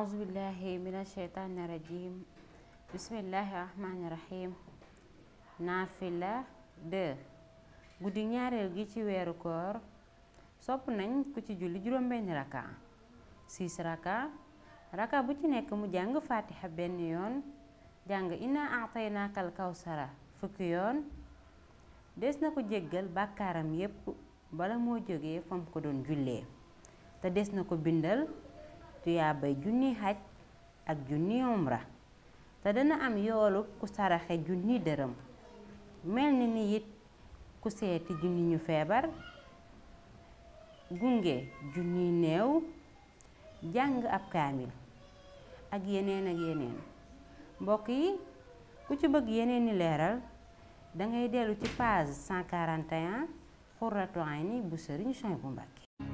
أعوذ بالله من الشيطان الرجيم بسم الله الرحمن الرحيم guddi ñaareel gi ci weeru koor sopp nañ ku ci julli juróom benn raka 6 raka raka bu ci nekk mu jàng faatiha benn yoon jàng inna ataynaakal kawsara fukki yoon des na ko jéggal bàkkaaram yépp bala moo jógee fam ko doon jullee te des na ko bindal tuyaabay junni xaj ak junni umra te dana am yoolu ku saraxe junni dërëm mel na ni it ku seeti junni ñu feebar gunge junni néew jàng ab kaamil ak yeneen ak yeneen mbokk yi ku ci bëgg yeneen ni leeral dangay dellu ci page 141 Xurratu Ayni bu Sëriñ Souhaïbou Mbacké